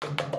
Thank you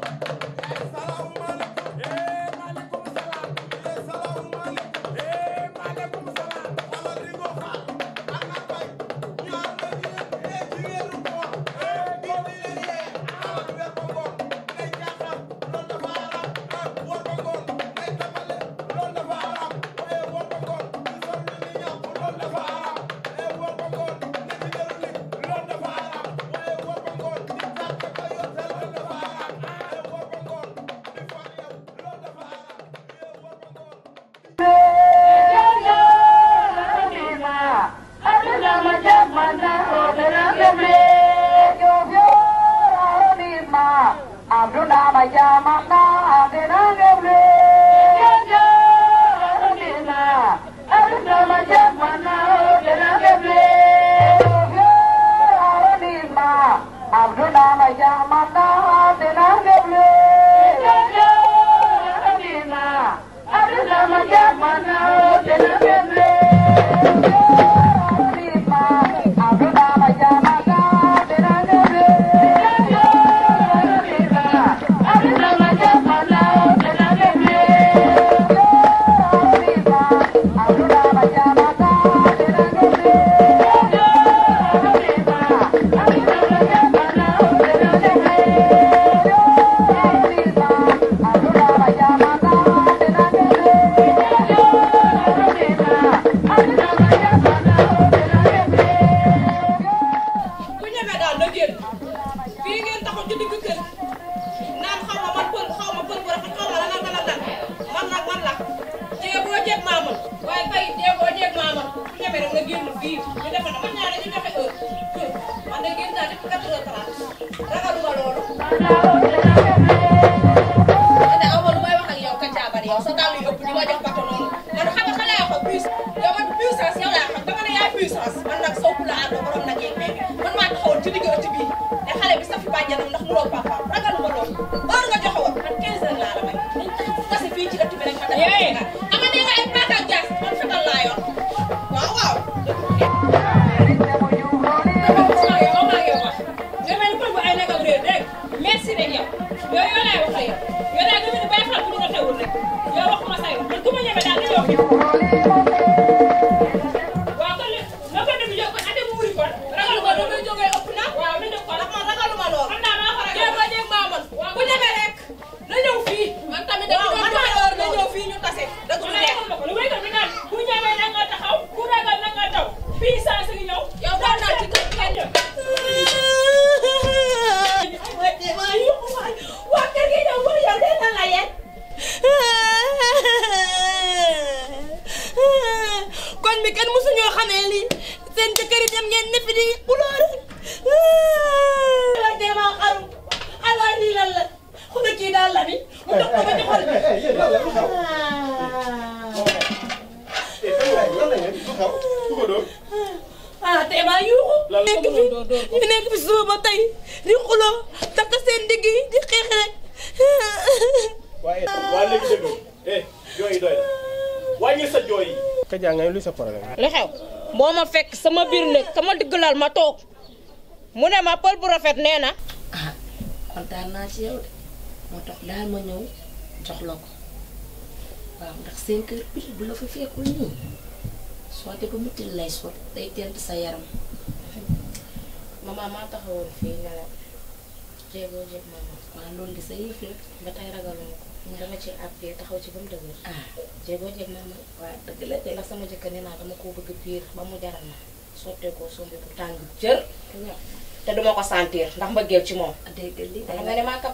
bàjjanam ndax mu roog papaam ragaluma nga joxe woon man 15 heures laa la may. parce que fii ci ëtt bi rek ma lii seen jëkkër yi dem ngeen ne fi di xulóore fekk jàng nga lu sa problème. li xew moo ma fekk sama biir nekk sama diggalal ma toog mu ma pël bu rafet nee na. Ah, ci yow de moo ma ñëw jox la ko ndax 5 heures pile bu la fa fekkul lay sot day sa yaram. di sa ko. dama ci taxaw ci ba mu dëgër. Ah. dëgg la de sama jëkkër nee naa dama koo bëgg piir ba mu jaral ma sotteekoo sombi bu tàng jër. te duma ko sentir ndax mbëggeel ci moom. Ah, dégg li xam nga ne maa ko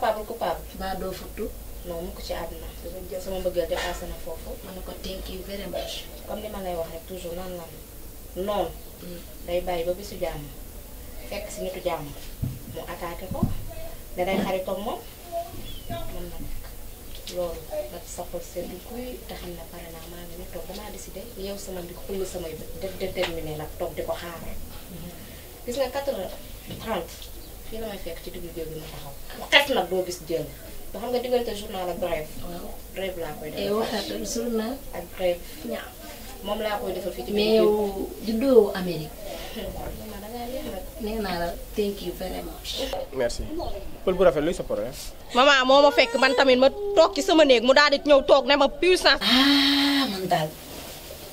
ci àdduna. dama jël sama mbëggeel dépassé na foofu. ma ko thank you very much. comme li ma lay wax rek toujours nan la noonu. Mm. day bàyyi ba bisu jàmm fekk si nitu jàmm mu attaqué ko ne day xaritoog moom man nag. loolu nag sa xol sedd guy te xam ne pare naa maa ngi décidé yow sama mbir xull samay bët def déterminé nag toog di ko xaar gis nga 30 fii la may fekk ci diggu géej gi taxaw xet nag doo gis jëng ba xam nga diggante journal ak brève brève laa koy journal ak koy defal ci mais yow nee naa la eh, thank you very much. merci pour bu rafet luy sa problème. maman moo ma fekk man tamit ma toog ci sama néeg mu daal di ñëw toog ne ma puissance. ah man daal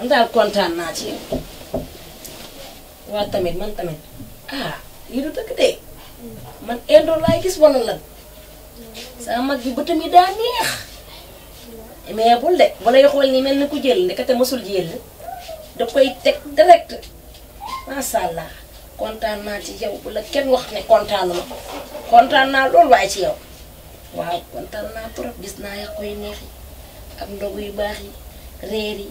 man daal kontaan naa ci waa man tamit ah lii du dëkk de man indoo laay gis wala lan sama mag bi bëtam yi daa neex mais bul de wala yoo xool ni mel ni ku jël ndekete masul jël da koy teg direct macha kontaan naa ci yow bu kenn wax ne kontaanuma kontaan naa loolu waaye ci yow waaw kontaan naa trop gis naa yàqu yu neex yi ak ndogu yu baax yi réer yi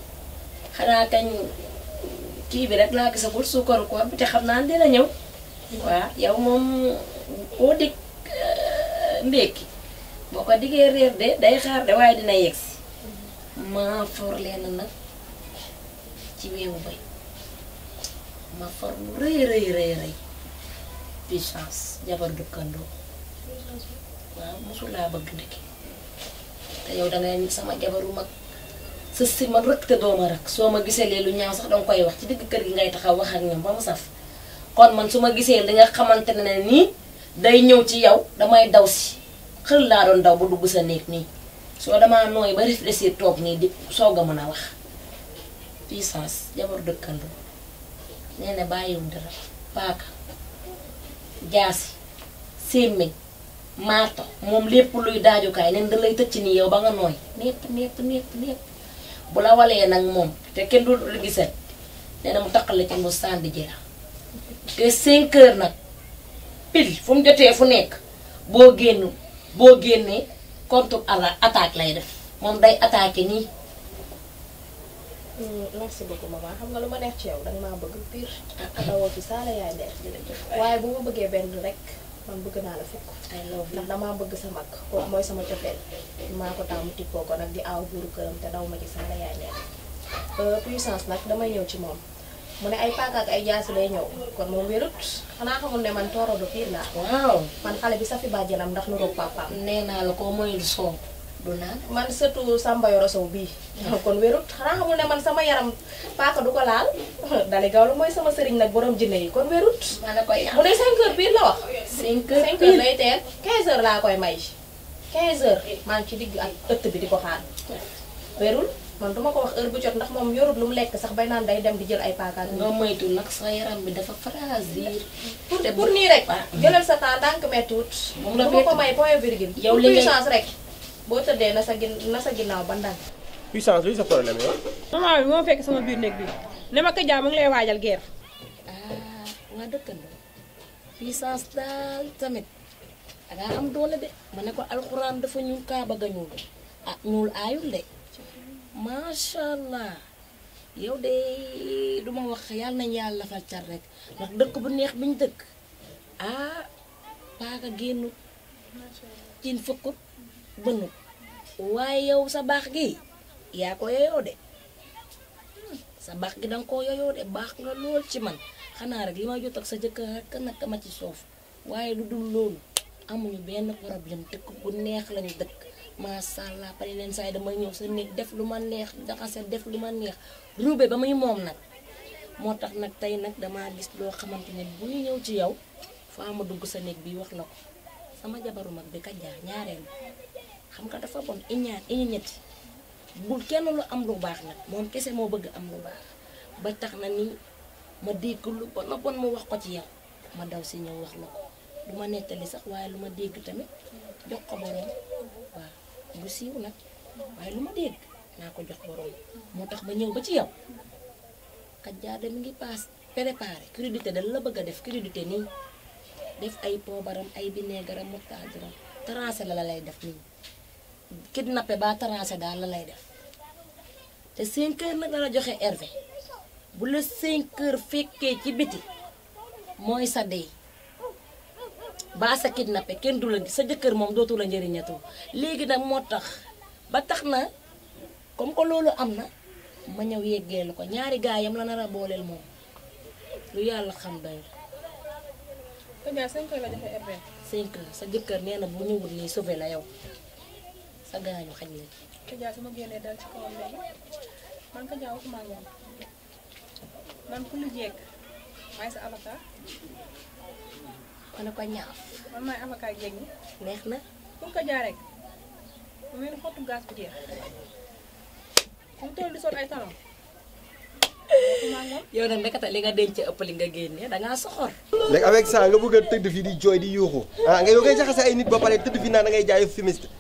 xanaa kañ kii bi rek laa gisagul suukaru koor bu te xam naa dina ñëw waaw yow moom koo dig euh, ndékki boo ko diggee réer de day xaar de waaye dina yegg si maa mm-hmm. foor nag ci weewu bay ma for bu rëy rëy rëy rëy puissance jabar dëkkandoo waaw mosul laa bëgg ndekki te yow dangay sama jabaru mag sa si man rëkk te doo ma rëkk soo ma gisee lee lu ñaaw sax danga koy wax ci digg kër gi ngay taxaw wax ak ñoom ba mu saf kon man su ma gisee li nga xamante ne nii day ñëw ci yow damay daw si xël laa doon daw ba dugg sa néeg nii soo damaa nooy ba réfléchir toog nii di soog a mën a wax puissance jabar dëkkandoo nee na bàyyiwul dara paaka jaasi sémmiñ maato moom lépp luy daajukaay neen da lay tëcc nii yow ba nga nooy nepp nepp nepp nepp bu la walee nag moom te kenn du lu gisal nee mu taq la ci mu sàndi jira te 5 heures nag pile fu jotee fu nekk boo génn boo génnee contre ala attaque lay def moom day attaqué nii merci beaucoup maman xam nga lu ma neex ci yow danga maa bëgg pire dawoo fi saala yaay ndeer waaye bu ma bëggee benn rek man bëgg naa la fukk ndax damaa sa mag kooku mooy sama cofeel maa ko taamu tippoo ko nag di aaw buuru këram te daw ma ci saala yaay ndeer puissance nag damay ñëw ci moom mu ne ay paaka ak ay jaasi lay ñëw kon moom wérut xanaa xamul ne man tooro du piir laa man xale bi fi bàjjanam ndax nu roog papaam nee naa la koo moyul soow du naan man surtout Samba Yoro Sow bii. kon wérut xanaa xamul ne man sama yaram paaka du ko laal. dali gaaw la mooy sama sëriñ nag borom jinne yi kon wérut. ma la koy mu ne 5 heures biir la wax. 5 heures 5 heures lay teel 15 heures laa koy may. 15 heures maa ngi ci digg ak ëtt bi di ko xaar. wérul man duma ko wax heure bu jot ndax moom yorut lu mu lekk sax bay naan day dem di jël ay paaka. nga moytu nag sa yaram bi dafa fragile. pour pour nii rek. Ah. jëlal sa temps ndànk méttiwut. moom la ma ko may point virgule. yow li ngay rek. boo tëddee na sa gin na sa ginnaaw ba ndànk. puissance luy sa problème yow. maman bi moo fekk sama biir néeg bi ne ma Kaja mu ngi lay waajal guerre. ah waa dëkkandoo puissance daal tamit dangaa am doole de ma ne ko alxuraan dafa ñuul kaaba ga ah ñuul aayul de macha allah yow de duma wax yàlla nañ yàlla fal car rek ndax dëkk bu neex biñ dëkk ah paaka génn cin fukkut bënn ko waaye yow sa baax gi yaa ko yeyoo de hmm, sa baax gi danga ko yeyoo de baax nga lool ci man xanaa rek li ma jot ak sa jëkkër rek naka ma ci soof waaye lu dul loolu amuñu benn problème dëkk bu neex lañu dëkk macha allah pare leen saay damay ñëw sa néeg def lu ma neex jaxase def lu ma neex ruube ba muy moom nag moo tax nag tey nag damaa gis loo xamante ne buy ñëw ci yow faa ma dugg sa néeg bi wax la ko sama aja baru bi kanja ñaareel xam nga dafa bon iñaar iñu ñett bul kenn lu am lu baax nag moom kese moo bëgg am lu baax ba tax na ni ma dégg lu bon bon mu wax ko ci yow ma daw si ñëw wax la ko du ma nettali sax waaye lu ma dégg tamit jox ko borom waaw bu siiw nag waaye lu dégg naa ko jox borom moo tax ma ñëw ba ci yow def ay poobaram ay bineegaram moxtaadiram tracé la la lay def nii kidnappé ba tracé daal la lay def te 5 heures nag la joxe RV bu la 5 kër fekkee ci biti mooy sa dey baa sa kidnappé kenn du la sa jëkkër moom dootu la njëriñatoo léegi nag moo tax ba tax na comme que loolu am na ma ñëw yeggee la ko ñaari gaayam la nar a booleel moom lu yàlla xam doy Kodja 5 heures la joxe RBN. 5 heures sa jëkkër nee na bu sa gaañu xañ la man Kodja waxuma moom man ku lu jeeg maay sa man maay avocat jeeg ñi. neex na. pour Kodja rek mu mel xottu gaz bu jeex mu toll di sol ay talons. yow nag nekkata li nga denc ëpp li nga génne da ngaa soxor. léegi avec ça nga bëgg a tëdd fii di jooy di yuuxu ah nga yow ngay jaxase ay nit ba pare tëdd fii naan da ngay jaay fumiste